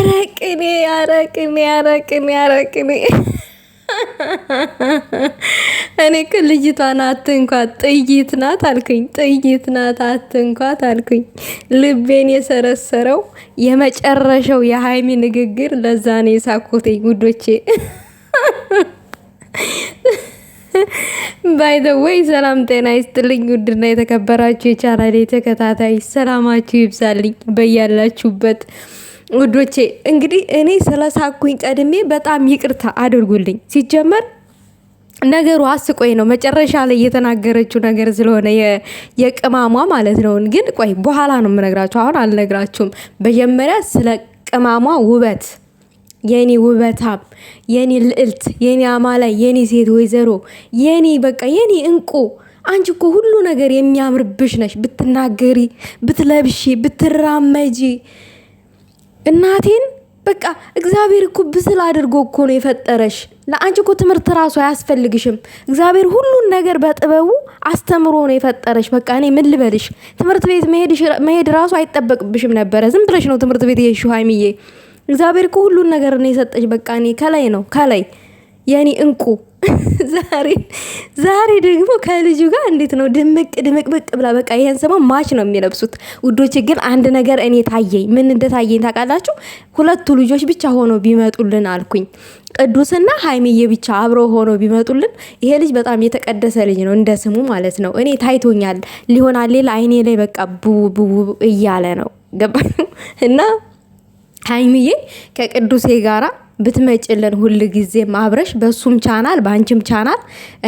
አረቅኔ አረቅኔ አረቅኔ አረቅኔ እኔ እኮ ናት አትንኳት ጥይት ናት አልኩኝ፣ ጥይት ናት አትንኳት አልኩኝ። ልቤን የሰረሰረው የመጨረሻው የሀይሚ ንግግር፣ ለዛ ነው የሳኩት ጉዶቼ። ወይ ሰላም ጤና ይስጥልኝ። ውድና የተከበራችሁ የቻናሌ ተከታታይ ሰላማችሁ ይብዛልኝ በያላችሁበት ውዶቼ እንግዲህ እኔ ስለሳኩኝ ቀድሜ በጣም ይቅርታ አድርጉልኝ። ሲጀመር ነገሩ አስቆይ ነው። መጨረሻ ላይ የተናገረችው ነገር ስለሆነ የቅማሟ ማለት ነው። ግን ቆይ በኋላ ነው የምነግራችሁ፣ አሁን አልነግራችሁም። መጀመሪያ ስለ ቅማሟ ውበት የኔ ውበታም፣ የኔ ልዕልት፣ የኔ አማላይ፣ የኔ ሴት ወይዘሮ፣ የኔ በቃ የኔ እንቁ አንቺ እኮ ሁሉ ነገር የሚያምርብሽ ነሽ። ብትናገሪ፣ ብትለብሺ፣ ብትራመጂ እናቴን በቃ እግዚአብሔር እኮ ብስል አድርጎ እኮ ነው የፈጠረሽ። ለአንቺ እኮ ትምህርት ራሱ አያስፈልግሽም። እግዚአብሔር ሁሉን ነገር በጥበቡ አስተምሮ ነው የፈጠረሽ። በቃ እኔ ምን ልበልሽ፣ ትምህርት ቤት መሄድ ራሱ አይጠበቅብሽም ነበረ። ዝም ብለሽ ነው ትምህርት ቤት የሽ ሀይሚዬ። እግዚአብሔር እኮ ሁሉን ነገር ነው የሰጠሽ። በቃ እኔ ከላይ ነው ከላይ የእኔ እንቁ ዛሬ ዛሬ ደግሞ ከልጁ ጋር እንዴት ነው ድምቅ ድምቅ ብላ በቃ ይሄን ሰሞን ማች ነው የሚለብሱት ውዶች። ግን አንድ ነገር እኔ ታየኝ። ምን እንደታየኝ ታውቃላችሁ? ሁለቱ ልጆች ብቻ ሆኖ ቢመጡልን አልኩኝ። ቅዱስና ሀይሚዬ ብቻ አብረው ሆኖ ቢመጡልን። ይሄ ልጅ በጣም የተቀደሰ ልጅ ነው እንደ ስሙ ማለት ነው። እኔ ታይቶኛል ሊሆናል ሌላ አይኔ ላይ በቃ ብው ብው እያለ ነው ገባ እና ሀይሚዬ ከቅዱሴ ጋራ ብትመጭልን ሁል ጊዜ ማብረሽ በሱም ቻናል በአንቺም ቻናል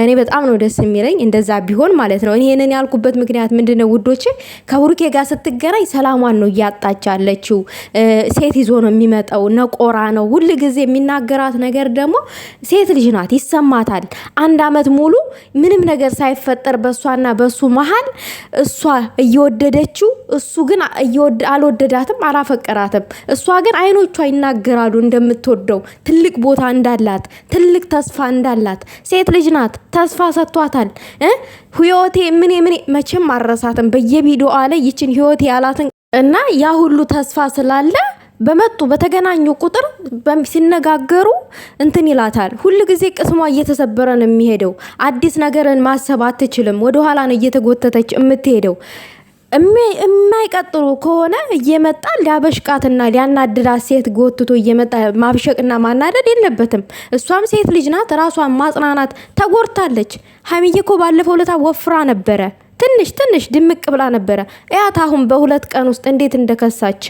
እኔ በጣም ነው ደስ የሚለኝ እንደዛ ቢሆን ማለት ነው። ይህንን ያልኩበት ምክንያት ምንድን ነው ውዶች? ከብሩኬ ጋር ስትገናኝ ሰላሟን ነው እያጣች ያለችው። ሴት ይዞ ነው የሚመጣው፣ ነቆራ ነው ሁል ጊዜ የሚናገራት ነገር ደግሞ ሴት ልጅ ናት፣ ይሰማታል። አንድ አመት ሙሉ ምንም ነገር ሳይፈጠር በእሷና በሱ መሀል እሷ እየወደደችው እሱ ግን አልወደዳትም፣ አላፈቀራትም። እሷ ግን አይኖቿ ይናገራሉ እንደምትወደው ትልቅ ቦታ እንዳላት ትልቅ ተስፋ እንዳላት ሴት ልጅ ናት። ተስፋ ሰጥቷታል። ህይወቴ ምኔ ምኔ መቼም አረሳትም። በየቪዲዮ አለ ይችን ህይወቴ ያላትን እና ያ ሁሉ ተስፋ ስላለ በመጡ በተገናኙ ቁጥር ሲነጋገሩ እንትን ይላታል። ሁል ጊዜ ቅስሟ እየተሰበረ ነው የሚሄደው። አዲስ ነገርን ማሰብ አትችልም። ወደኋላ ነው እየተጎተተች የምትሄደው። የማይቀጥሩ ከሆነ እየመጣ ሊያበሽቃትና ሊያናድዳት ሴት ጎትቶ እየመጣ ማብሸቅና ማናደድ የለበትም። እሷም ሴት ልጅ ናት፣ ራሷን ማጽናናት ተጎድታለች። ሀይሚዬ እኮ ባለፈው ለታ ወፍራ ነበረ፣ ትንሽ ትንሽ ድምቅ ብላ ነበረ። እያት አሁን በሁለት ቀን ውስጥ እንዴት እንደከሳች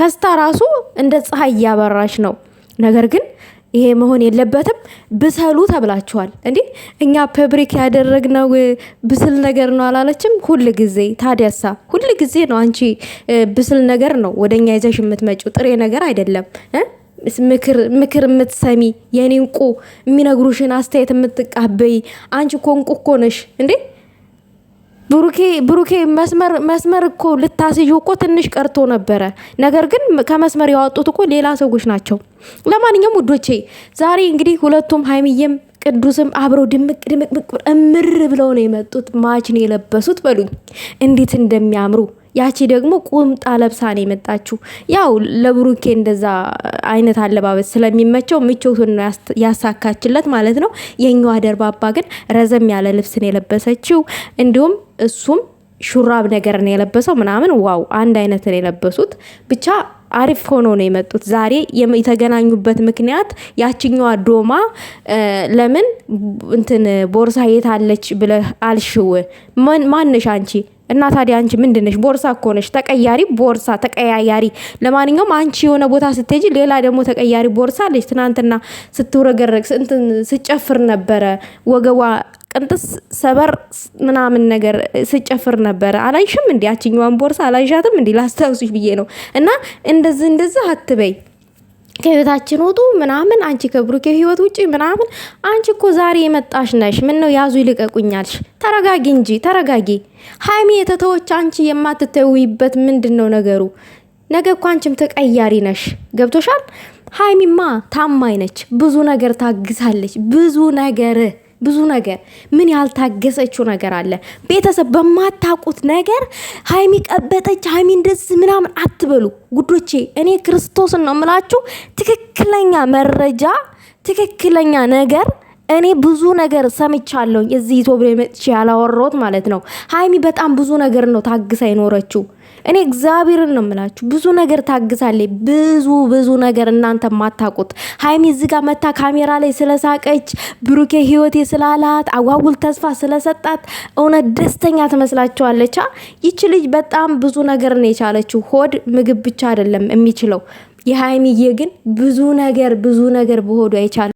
ከስታ ራሱ እንደ ፀሐይ እያበራች ነው ነገር ግን ይሄ መሆን የለበትም። ብሰሉ ተብላችኋል። እንዴ እኛ ፐብሪክ ያደረግነው ብስል ነገር ነው አላለችም? ሁል ጊዜ ታዲያሳ፣ ሁል ጊዜ ነው አንቺ ብስል ነገር ነው ወደ እኛ ይዘሽ የምትመጪው፣ ጥሬ ነገር አይደለም። ምክር የምትሰሚ የኔ እንቁ፣ የሚነግሩሽን አስተያየት የምትቃበይ አንቺ እኮ እንቁ እኮ ነሽ እንዴ! ብሩኬ ብሩኬ መስመር መስመር እኮ ልታስዩ እኮ ትንሽ ቀርቶ ነበረ። ነገር ግን ከመስመር ያወጡት እኮ ሌላ ሰዎች ናቸው። ለማንኛውም ውዶቼ ዛሬ እንግዲህ ሁለቱም ሀይሚዬም ቅዱስም አብረው ድምቅ ድምቅ እምር ብለው ነው የመጡት። ነው የለበሱት በሉኝ እንዴት እንደሚያምሩ ያቺ ደግሞ ቁምጣ ለብሳ ነው የመጣችው። ያው ለብሩኬ እንደዛ አይነት አለባበስ ስለሚመቸው ምቾቱን ያሳካችለት ማለት ነው። የኛዋ ደርባባ ግን ረዘም ያለ ልብስን የለበሰችው እንዲሁም እሱም ሹራብ ነገር ነው የለበሰው ምናምን። ዋው አንድ አይነት ነው የለበሱት ብቻ አሪፍ ሆኖ ነው የመጡት። ዛሬ የተገናኙበት ምክንያት ያችኛዋ ዶማ ለምን እንትን ቦርሳ የታለች ብለ አልሽው? ማነሽ አንቺ እና ታዲያ አንቺ ምንድን ነሽ? ቦርሳ እኮ ነሽ፣ ተቀያሪ ቦርሳ፣ ተቀያያሪ። ለማንኛውም አንቺ የሆነ ቦታ ስትሄጂ ሌላ ደግሞ ተቀያሪ ቦርሳ አለች። ትናንትና ስትውረገረግ እንትን ስጨፍር ነበረ ወገቧ ቅንጥስ ሰበር ምናምን ነገር ስጨፍር ነበረ። አላይሽም እንዲ ያችኛዋን ቦርሳ አላይሻትም እንዲ ላስታውስሽ ብዬ ነው። እና እንደዚህ እንደዚህ አትበይ። ከህይወታችን ውጡ ምናምን አንቺ ከብሩኬ ህይወት ውጪ ምናምን። አንቺ እኮ ዛሬ የመጣሽ ነሽ። ምን ነው ያዙ ይልቀቁኛልሽ? ተረጋጊ እንጂ ተረጋጊ። ሀይሚ የተተዎች አንቺ የማትተዊበት ምንድን ነው ነገሩ? ነገ እኮ አንቺም ተቀያሪ ነሽ። ገብቶሻል? ሀይሚማ ታማኝ ነች። ብዙ ነገር ታግሳለች። ብዙ ነገር ብዙ ነገር ምን ያልታገሰችው ነገር አለ። ቤተሰብ በማታውቁት ነገር ሀይሚ ቀበጠች፣ ሀይሚ እንደዚህ ምናምን አትበሉ ጉዶቼ። እኔ ክርስቶስን ነው የምላችሁ። ትክክለኛ መረጃ፣ ትክክለኛ ነገር እኔ ብዙ ነገር ሰምቻለሁኝ እዚህ ኢትዮጵያ መጥቼ ያላወራሁት ማለት ነው። ሀይሚ በጣም ብዙ ነገር ነው ታግሳ አይኖረችው እኔ እግዚአብሔርን ነው የምላችሁ፣ ብዙ ነገር ታግሳለች። ብዙ ብዙ ነገር እናንተ ማታቁት። ሀይሚ እዚህ ጋር መታ ካሜራ ላይ ስለሳቀች፣ ብሩኬ ህይወቴ ስላላት፣ አጓጉል ተስፋ ስለሰጣት እውነት ደስተኛ ትመስላችኋለች? ይች ልጅ በጣም ብዙ ነገር ነው የቻለችው። ሆድ ምግብ ብቻ አይደለም የሚችለው። የሀይሚዬ ግን ብዙ ነገር ብዙ ነገር በሆዱ አይቻለ